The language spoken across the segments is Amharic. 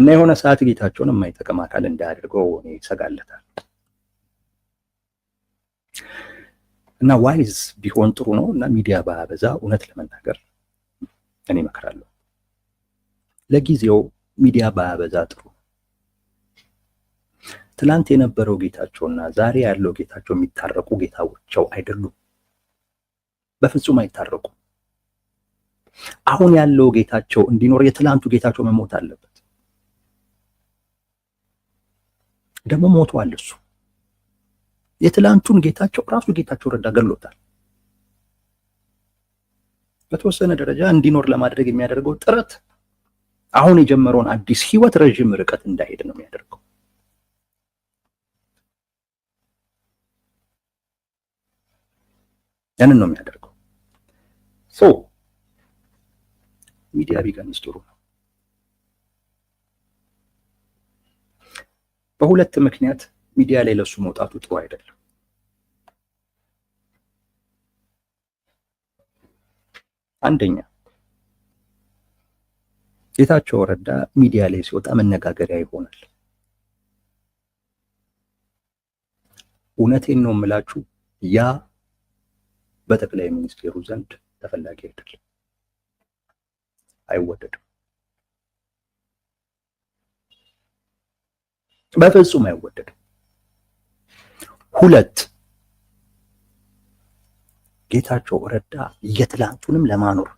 እና የሆነ ሰዓት ጌታቸውን የማይጠቅም አካል እንዳያደርገው እኔ ይሰጋለታል። እና ዋይዝ ቢሆን ጥሩ ነው። እና ሚዲያ ባበዛ እውነት ለመናገር እኔ እመክራለሁ። ለጊዜው ሚዲያ ባበዛ ጥሩ። ትላንት የነበረው ጌታቸውና ዛሬ ያለው ጌታቸው የሚታረቁ ጌታዎቸው አይደሉም። በፍጹም አይታረቁም። አሁን ያለው ጌታቸው እንዲኖር የትላንቱ ጌታቸው መሞት አለበት። ደግሞ ሞቷል። እሱ የትላንቱን ጌታቸው ራሱ ጌታቸው ረዳ ገሎታል። በተወሰነ ደረጃ እንዲኖር ለማድረግ የሚያደርገው ጥረት አሁን የጀመረውን አዲስ ህይወት ረዥም ርቀት እንዳሄድ ነው የሚያደርገው። ያንን ነው የሚያደርገው። ሶ ሚዲያ ቢቀንስ ጥሩ ነው። በሁለት ምክንያት ሚዲያ ላይ ለሱ መውጣቱ ጥሩ አይደለም። አንደኛ ጌታቸው ረዳ ሚዲያ ላይ ሲወጣ መነጋገሪያ ይሆናል። እውነቴን ነው የምላችሁ፣ ያ በጠቅላይ ሚኒስትሩ ዘንድ ተፈላጊ አይደለም፣ አይወደድም። በፍጹም አይወደድም። ሁለት ጌታቸው ረዳ የትላንቱንም ለማኖር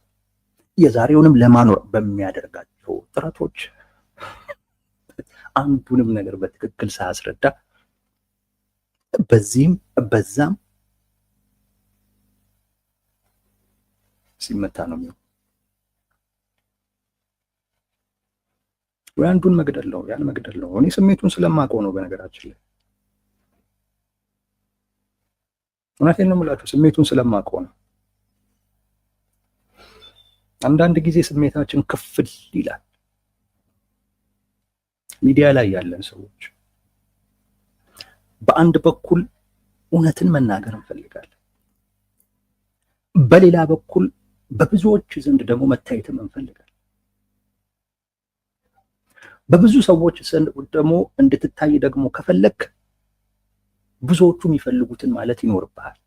የዛሬውንም ለማኖር በሚያደርጋቸው ጥረቶች አንዱንም ነገር በትክክል ሳያስረዳ በዚህም በዛም ሲመታ ነው የሚሆነው። ወይ አንዱን መግደል ነው ያን መግደል ነው። እኔ ስሜቱን ስለማውቀው ነው። በነገራችን ላይ እውነቴን ነው የምላችሁ፣ ስሜቱን ስለማውቀው ነው። አንዳንድ ጊዜ ስሜታችን ክፍል ይላል። ሚዲያ ላይ ያለን ሰዎች በአንድ በኩል እውነትን መናገር እንፈልጋለን፣ በሌላ በኩል በብዙዎች ዘንድ ደግሞ መታየትም እንፈልጋለን። በብዙ ሰዎች ደግሞ እንድትታይ ደግሞ ከፈለክ ብዙዎቹ የሚፈልጉትን ማለት ይኖርብሃል።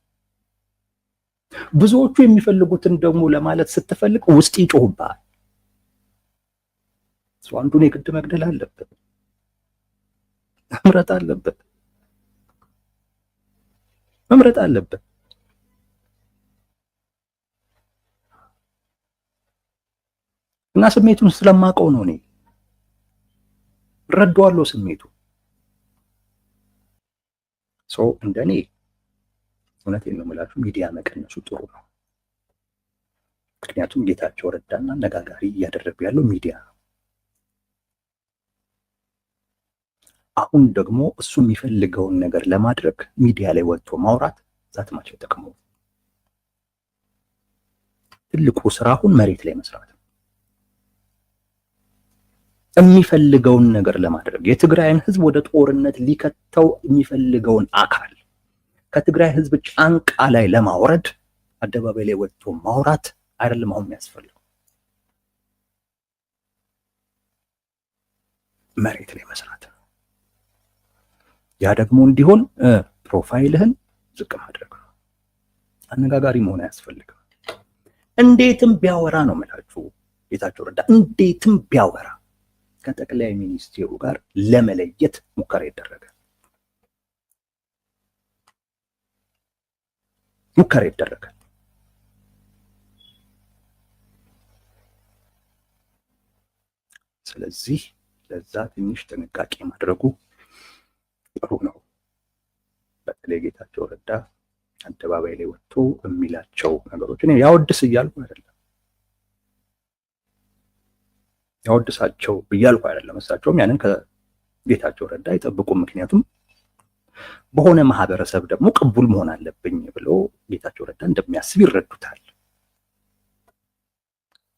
ብዙዎቹ የሚፈልጉትን ደግሞ ለማለት ስትፈልግ ውስጥ ይጮህብሃል። አንዱን የግድ መግደል አለበት፣ መምረጥ አለበት፣ መምረጥ አለበት። እና ስሜቱን ስለማውቀው ነው እኔ እረዳዋለሁ ስሜቱ እንደኔ እውነት ነው የምላችሁ ሚዲያ መቀነሱ ጥሩ ነው። ምክንያቱም ጌታቸው ረዳና አነጋጋሪ እያደረጉ ያለው ሚዲያ ነው። አሁን ደግሞ እሱ የሚፈልገውን ነገር ለማድረግ ሚዲያ ላይ ወጥቶ ማውራት ዛትማቸው ማቸው ትልቁ ስራ አሁን መሬት ላይ መስራት ነው። የሚፈልገውን ነገር ለማድረግ የትግራይን ህዝብ ወደ ጦርነት ሊከተው የሚፈልገውን አካል ከትግራይ ህዝብ ጫንቃ ላይ ለማውረድ አደባባይ ላይ ወጥቶ ማውራት አይደለም አሁን የሚያስፈልገው። መሬት ላይ መስራት ነው። ያ ደግሞ እንዲሆን ፕሮፋይልህን ዝቅ ማድረግ ነው። አነጋጋሪ መሆን አያስፈልግም። እንዴትም ቢያወራ ነው የምላችሁ ጌታቸው ረዳ እንዴትም ቢያወራ ከጠቅላይ ሚኒስቴሩ ጋር ለመለየት ሙከራ ይደረጋል ሙከራ ይደረጋል። ስለዚህ ለዛ ትንሽ ጥንቃቄ ማድረጉ ጥሩ ነው። በተለይ ጌታቸው ረዳ አደባባይ ላይ ወጥቶ የሚላቸው ነገሮች እኔ ያወድስ እያልኩ አይደለም። ያወድሳቸው ብያልኩ አይደለም። እሳቸውም ያንን ከጌታቸው ረዳ አይጠብቁም። ምክንያቱም በሆነ ማህበረሰብ ደግሞ ቅቡል መሆን አለብኝ ብሎ ጌታቸው ረዳ እንደሚያስብ ይረዱታል።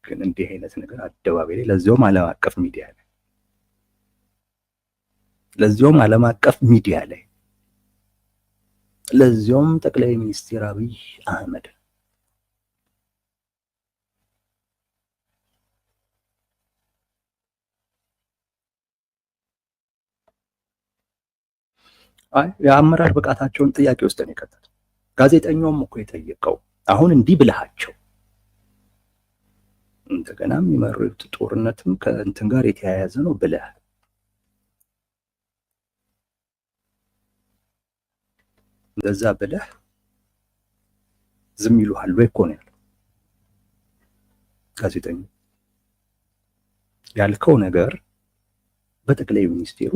ግን እንዲህ አይነት ነገር አደባባይ ላይ ለዚውም ዓለም አቀፍ ሚዲያ ላይ ለዚውም ዓለም አቀፍ ሚዲያ ላይ ለዚውም ጠቅላይ ሚኒስትር አብይ አህመድ አይ የአመራር ብቃታቸውን ጥያቄ ውስጥ ነው የከተቱት። ጋዜጠኛውም እኮ የጠየቀው አሁን እንዲህ ብልሃቸው እንደገና የሚመሩት ጦርነትም ከእንትን ጋር የተያያዘ ነው ብለህ እንደዛ ብለህ ዝም ይሉሃል ወይ እኮ ነው ያለው ጋዜጠኛ። ያልከው ነገር በጠቅላይ ሚኒስቴሩ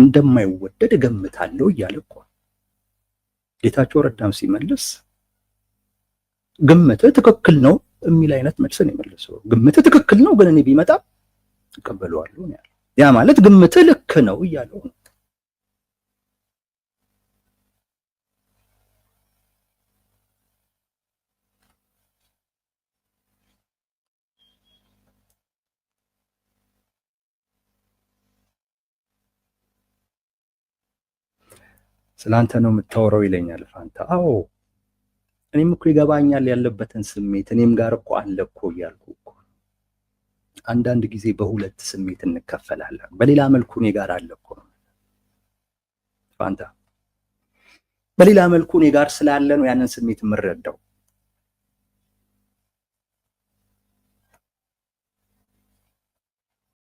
እንደማይወደድ እገምታለሁ እያለ እኮ ጌታቸው ረዳም ሲመልስ ግምትህ ትክክል ነው የሚል አይነት መልስ ነው የመለሰው። ግምትህ ትክክል ነው ግን እኔ ቢመጣ እቀበለዋለሁ ነው ያ ማለት ግምትህ ልክ ነው እያለው ነው። ስለ አንተ ነው የምታወራው ይለኛል ፋንታ። አዎ እኔም እኮ ይገባኛል ያለበትን ስሜት እኔም ጋር እኮ አለ እኮ እያልኩ እኮ አንዳንድ ጊዜ በሁለት ስሜት እንከፈላለን። በሌላ መልኩ እኔ ጋር አለ እኮ ፋንታ፣ በሌላ መልኩ እኔ ጋር ስላለ ነው ያንን ስሜት የምረዳው።